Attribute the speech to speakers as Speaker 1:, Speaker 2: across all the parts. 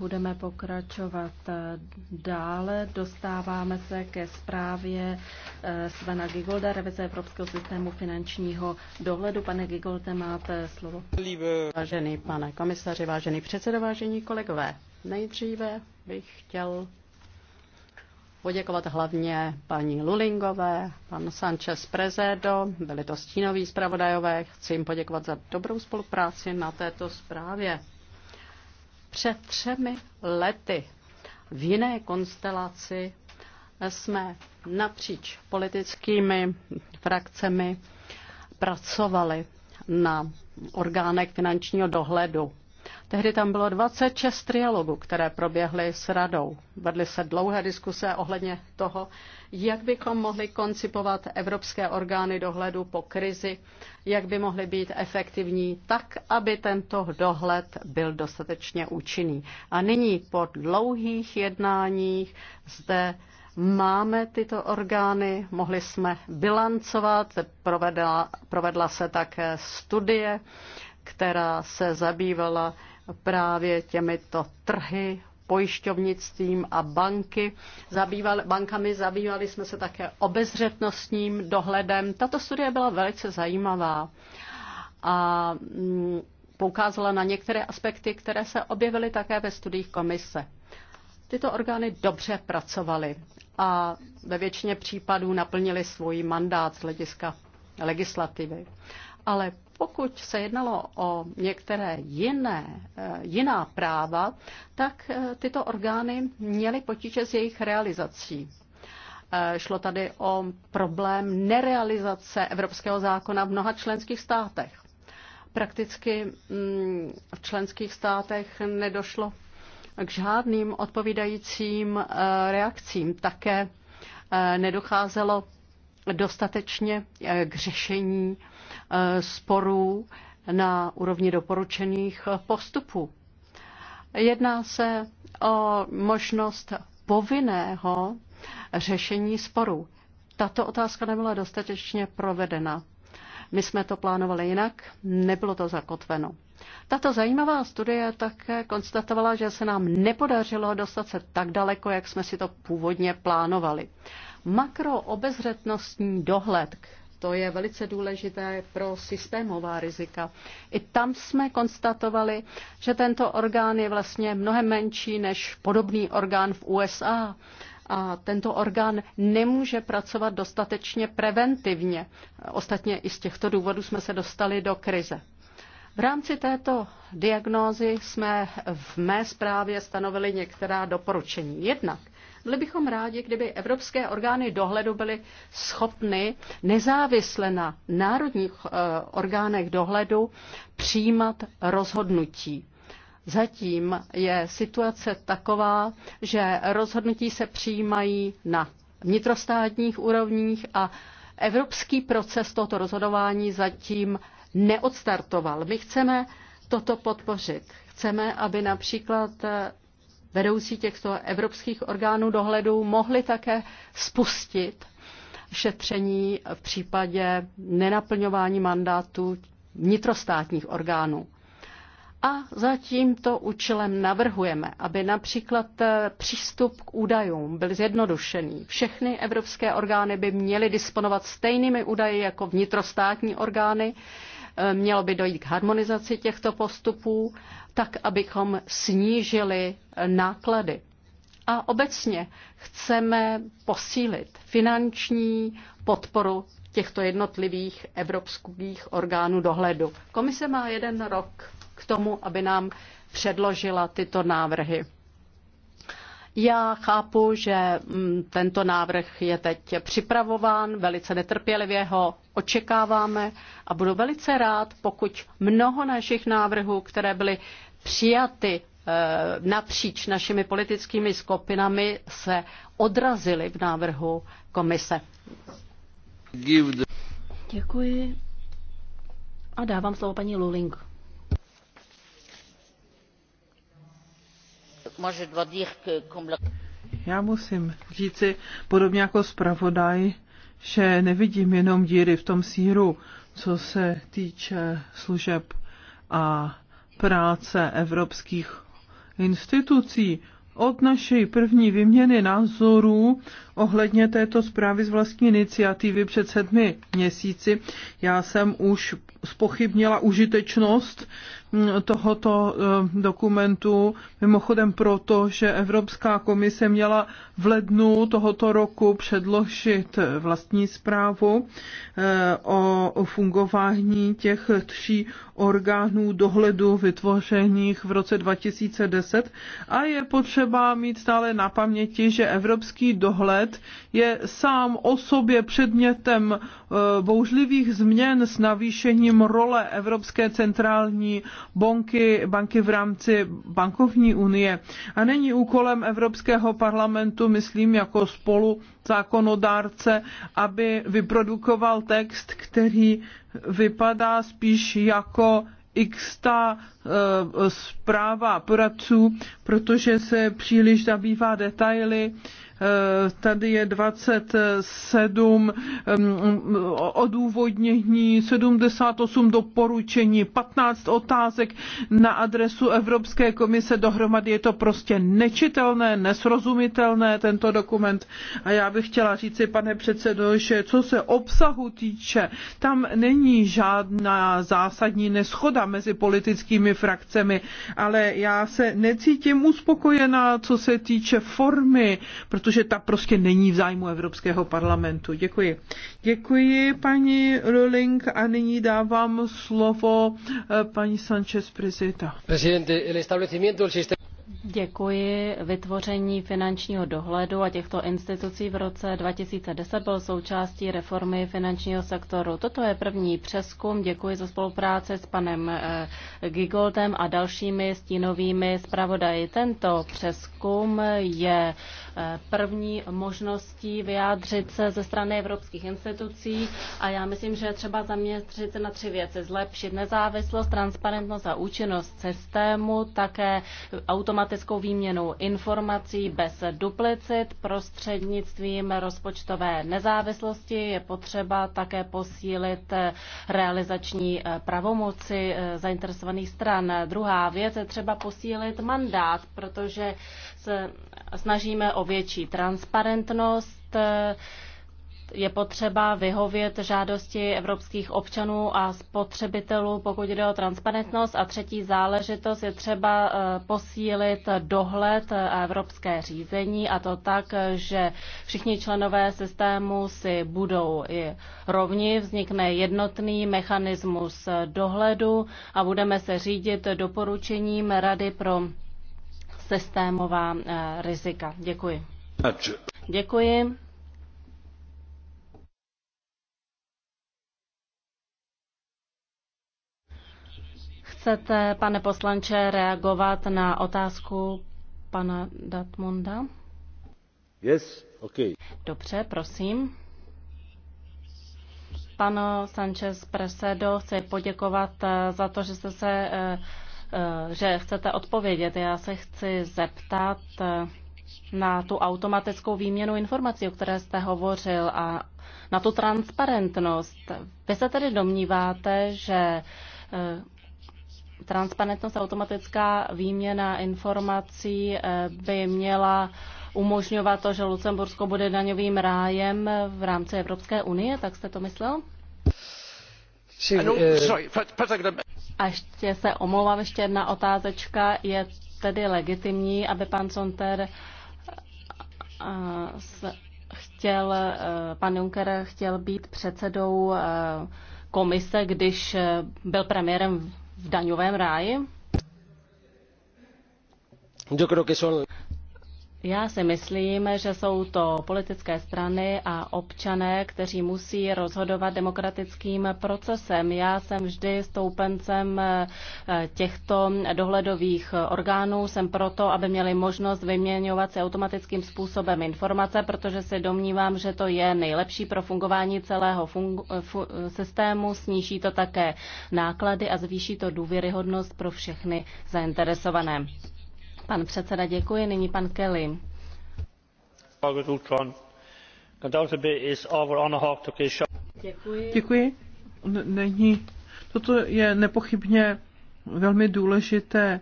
Speaker 1: Budeme pokračovat eh, dále. Dostáváme se ke zprávě eh, Svena Gigolda, revize Evropského systému finančního dohledu. Pane Gigolde,
Speaker 2: máte slovo. Vážený pane komisaři, vážený předsedo, vážení kolegové, nejdříve bych chtěl poděkovat hlavně paní Lulingové, pan Sanchez Prezedo, byli to stínoví zpravodajové. Chci jim poděkovat za dobrou spolupráci na této zprávě. Před třemi lety v jiné konstelaci jsme napříč politickými frakcemi pracovali na orgánech finančního dohledu. Tehdy tam bylo 26 trialogů, které proběhly s radou. Vedly se dlouhé diskuse ohledně toho, jak bychom mohli koncipovat evropské orgány dohledu po krizi, jak by mohly být efektivní, tak, aby tento dohled byl dostatečně účinný. A nyní po dlouhých jednáních zde máme tyto orgány, mohli jsme bilancovat, provedla, provedla se také studie, která se zabývala právě těmito trhy, pojišťovnictvím a banky. Zabývali, bankami zabývali jsme se také obezřetnostním dohledem. Tato studie byla velice zajímavá a mm, poukázala na některé aspekty, které se objevily také ve studiích komise. Tyto orgány dobře pracovaly a ve většině případů naplnili svůj mandát z hlediska legislativy. Ale pokud se jednalo o některé jiné, eh, jiná práva, tak eh, tyto orgány měly potíže s jejich realizací. Eh, šlo tady o problém nerealizace evropského zákona v mnoha členských státech. Prakticky mm, v členských státech nedošlo k žádným odpovídajícím reakcím. Také nedocházelo dostatečně k řešení Eh, sporů na úrovni doporučených postupů. Jedná se o možnost povinného řešení sporů. Tato otázka nebyla dostatečně provedena. My jsme to plánovali jinak, nebylo to zakotveno. Tato zajímavá studie také konstatovala, že se nám nepodařilo dostat se tak daleko, jak jsme si to původně plánovali. Makroobezřetnostní dohled, to je velice důležité pro systémová rizika. I tam jsme konstatovali, že tento orgán je vlastně mnohem menší než podobný orgán v USA a tento orgán nemůže pracovat dostatečně preventivně. Ostatně i z těchto důvodů jsme se dostali do krize. V rámci této diagnózy jsme v mé zprávě stanovili některá doporučení. Jednak byli bychom rádi, kdyby evropské orgány dohledu byly schopny nezávisle na národních eh, orgánech dohledu přijímat rozhodnutí. Zatím je situace taková, že rozhodnutí se přijímají na vnitrostátních úrovních a evropský proces tohoto rozhodování zatím neodstartoval. My chceme toto podpořit. Chceme, aby například eh, vedoucí těchto evropských orgánů dohledu mohli také spustit šetření v případě nenaplňování mandátu vnitrostátních orgánů. A za tímto účelem navrhujeme, aby například eh, přístup k údajům byl zjednodušený. Všechny evropské orgány by měly disponovat stejnými údaji jako vnitrostátní orgány Eh, mělo by dojít k harmonizaci těchto postupů, tak abychom snížili eh, náklady. A obecně chceme posílit finanční podporu těchto jednotlivých evropských orgánů dohledu. Komise má jeden rok k tomu, aby nám předložila tyto návrhy. Já chápu, že mm, tento návrh je teď připravován, velice netrpělivě ho očekáváme a budu velice rád, pokud mnoho našich návrhů, které byly přijaty eh, napříč našimi politickými skupinami, se odrazily v návrhu komise. Děkuji. A dávám slovo paní Luling.
Speaker 3: Já musím říci, podobně jako zpravodaj, že nevidím jenom díry v tom síru, co se týče služeb a práce evropských institucí. Od naší první vyměny názorů ohledně této zprávy z vlastní iniciativy před sedmi měsíci. Já jsem už spochybnila užitečnost mm, tohoto eh, dokumentu, mimochodem proto, že Evropská komise měla v lednu tohoto roku předložit eh, vlastní zprávu eh, o fungování těch tří orgánů dohledu vytvořených v roce 2010 a je potřeba mít stále na paměti, že evropský dohled let je sám o sobě předmětem eh, bouřlivých změn s navýšením role Evropské centrální banky, banky v rámci bankovní unie. A není úkolem Evropského parlamentu, myslím, jako spolu zákonodárce, aby vyprodukoval text, který vypadá spíš jako x Eh, zpráva poradců, protože se příliš zabývá detaily. Eh, tady je 27 eh, odůvodnění, 78 doporučení, 15 otázek na adresu Evropské komise. Dohromady je to prostě nečitelné, nesrozumitelné, tento dokument. A já bych chtěla říci, pane předsedo, že co se obsahu týče, tam není žádná zásadní neschoda mezi politickými frakcemi, ale já se necítím uspokojená, co se týče formy, protože ta prostě není v zájmu Evropského parlamentu. Děkuji. Děkuji, paní Ruling, a nyní dávám slovo eh, paní Sanchez Prezita. Prezidente, el establecimiento del sistema
Speaker 1: Děkuji. Vytvoření finančního dohledu a těchto institucí v roce 2010 byl součástí reformy finančního sektoru. Toto je první přeskum. Děkuji za spolupráci s panem eh, Gigoldem a dalšími stínovými zpravodaji. Tento přeskum je eh, první možností vyjádřit se ze strany evropských institucí a já myslím, že je třeba zaměřit se na tři věci. Zlepšit nezávislost, transparentnost a účinnost systému, také automatizovat automatickou výměnou informací bez duplicit prostřednictvím rozpočtové nezávislosti. Je potřeba také posílit realizační eh, pravomoci eh, zainteresovaných stran. Druhá věc je třeba posílit mandát, protože se snažíme o větší transparentnost, eh, je potřeba vyhovět žádosti evropských občanů a spotřebitelů, pokud jde o transparentnost. A třetí záležitost je třeba eh, posílit dohled a evropské řízení a to tak, že všichni členové systému si budou i rovni, vznikne jednotný mechanismus dohledu a budeme se řídit doporučením Rady pro systémová eh, rizika. Děkuji. Děkuji. Chcete, pane poslanče, reagovat na otázku pana Datmunda?
Speaker 3: Yes, okay.
Speaker 1: Dobře, prosím. Pano Sanchez Presedo, chci poděkovat eh, za to, že jste se eh, eh, že chcete odpovědět. Já se chci zeptat na tu automatickou výměnu informací, o které jste hovořil a na tu transparentnost. Vy se tedy domníváte, že Transparentnost a automatická výměna informací eh, by měla umožňovat to, že Lucembursko bude daňovým rájem v rámci Evropské unie, tak jste to myslel? No, eh, a ještě se omlouvám, ještě jedna otázečka. Je tedy legitimní, aby pan Sonter eh, chtěl, pan Juncker chtěl být předsedou komise, když byl premiérem v daňovém ráji? Já si myslím, že jsou to politické strany a občané, kteří musí rozhodovat demokratickým procesem. Já jsem vždy stoupencem eh, těchto dohledových orgánů. Jsem proto, aby měli možnost vyměňovat se automatickým způsobem informace, protože se domnívám, že to je nejlepší pro fungování celého fungu- fu- systému. Sníží to také náklady a zvýší to důvěryhodnost pro všechny zainteresované. Pan předseda, děkuji. Nyní pan Kelly.
Speaker 3: Děkuji. Děkuji. Není. Toto je nepochybně velmi důležité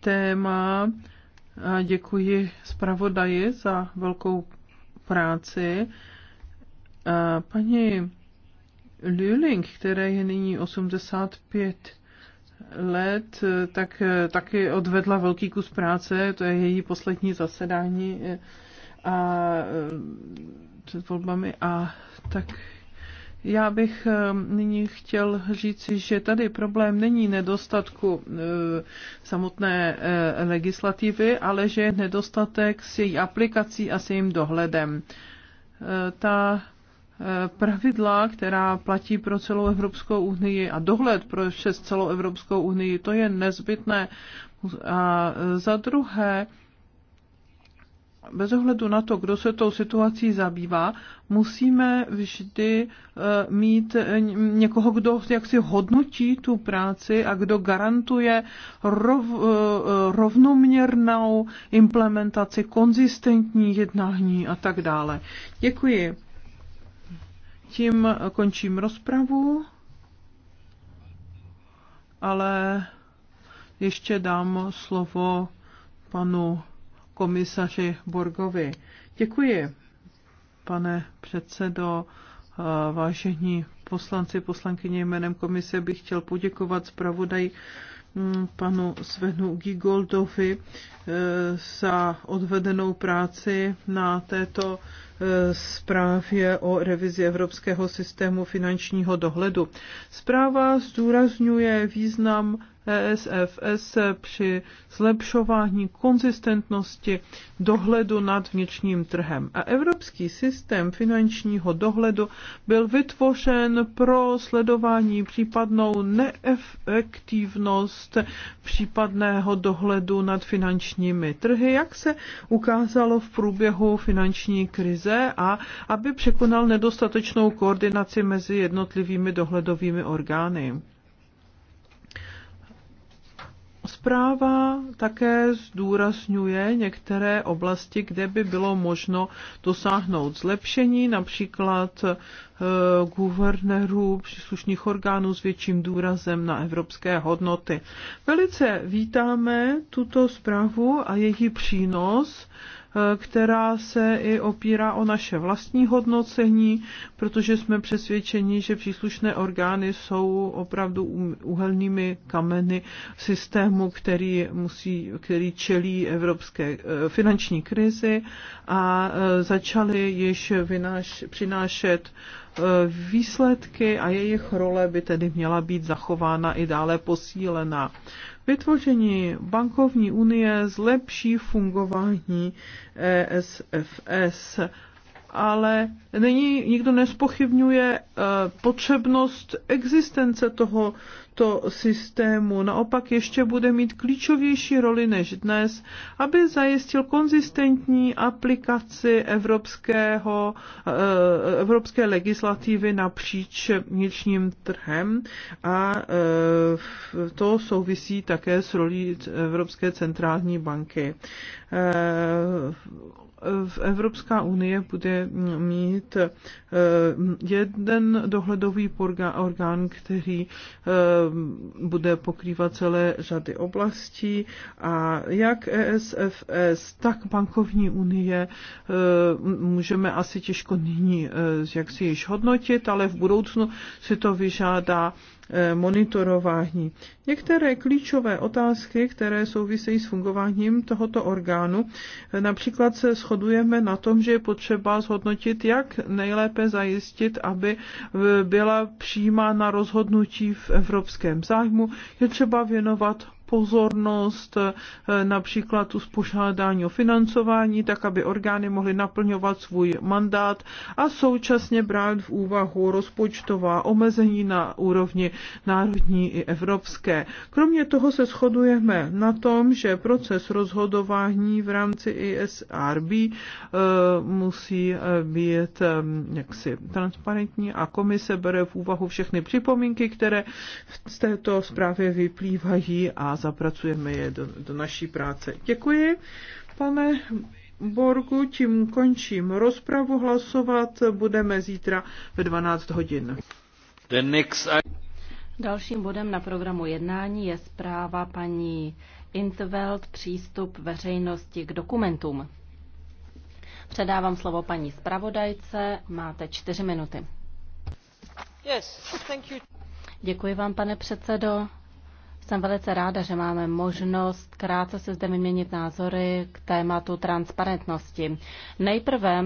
Speaker 3: téma. A děkuji zpravodaji za velkou práci. A paní Lüling, které je nyní 85 let, eh, tak eh, taky odvedla velký kus práce, to je její poslední zasedání eh, a před volbami a tak já bych nyní chtěl říci, že tady problém není nedostatku samotné legislativy, ale že je nedostatek s její aplikací a s jejím dohledem. Ta Eh, pravidla, která platí pro celou Evropskou unii a dohled pro přes celou Evropskou unii, to je nezbytné. A eh, za druhé, bez ohledu na to, kdo se tou situací zabývá, musíme vždy eh, mít někoho, kdo jak si hodnotí tu práci a kdo garantuje rov, rovnoměrnou implementaci, konzistentní jednání a tak dále. Děkuji. Tím končím rozpravu, ale ještě dám slovo panu komisaři Borgovi. Děkuji, pane předsedo, vážení poslanci, poslankyně jménem komise bych chtěl poděkovat zpravodaj mm, panu Svenu Gigoldovi za odvedenou práci na této e, zprávě o revizi Evropského systému finančního dohledu. Zpráva zdůrazňuje význam ESFS při zlepšování konzistentnosti dohledu nad vnitřním trhem. A evropský systém finančního dohledu byl vytvořen pro sledování případnou neefektivnost případného dohledu nad finančním finančními trhy, jak se ukázalo v průběhu finanční krize a aby překonal nedostatečnou koordinaci mezi jednotlivými dohledovými orgány. Zpráva také zdůrazňuje některé oblasti, kde by bylo možno dosáhnout zlepšení, například e, guvernérů příslušných orgánů s větším důrazem na evropské hodnoty. Velice vítáme tuto zprávu a její přínos Eh, která se i opírá o naše vlastní hodnocení, protože jsme přesvědčeni, že příslušné orgány jsou opravdu um, uhelnými kameny systému, který, musí, který čelí evropské eh, finanční krizi a eh, začaly již vynáš, přinášet Eh, výsledky a jejich role by tedy měla být zachována i dále posílena. Vytvoření bankovní unie zlepší fungování ESFS ale není, nikdo nespochybňuje eh, potřebnost existence tohoto systému. Naopak ještě bude mít klíčovější roli než dnes, aby zajistil konzistentní aplikaci evropského, eh, evropské legislativy napříč vnitřním trhem a eh, to souvisí také s rolí Evropské centrální banky. Eh, Evropská unie bude mít eh, jeden dohledový orgán, který eh, bude pokrývat celé řady oblastí a jak ESFS, tak bankovní unie můžeme asi těžko nyní jak si již hodnotit, ale v budoucnu si to vyžádá Eh, monitorování. Některé klíčové otázky, které souvisejí s fungováním tohoto orgánu, eh, například se shodujeme na tom, že je potřeba zhodnotit, jak nejlépe zajistit, aby eh, byla přijímána rozhodnutí v evropském zájmu. Je třeba věnovat pozornost eh, například uspořádání o financování, tak aby orgány mohly naplňovat svůj mandát a současně brát v úvahu rozpočtová omezení na úrovni národní i evropské. Kromě toho se shodujeme na tom, že proces rozhodování v rámci ISRB eh, musí eh, být jaksi transparentní a komise bere v úvahu všechny připomínky, které z této zprávy vyplývají a zapracujeme je do, do naší práce. Děkuji, pane Borgu, tím končím rozpravu. Hlasovat budeme zítra ve 12 hodin. The next...
Speaker 1: Dalším bodem na programu jednání je zpráva paní Intveld přístup veřejnosti k dokumentům. Předávám slovo paní zpravodajce, máte čtyři minuty.
Speaker 2: Yes, thank you.
Speaker 1: Děkuji vám, pane předsedo. Jsem velice ráda, že máme možnost krátce se zde vyměnit názory k tématu transparentnosti. Nejprve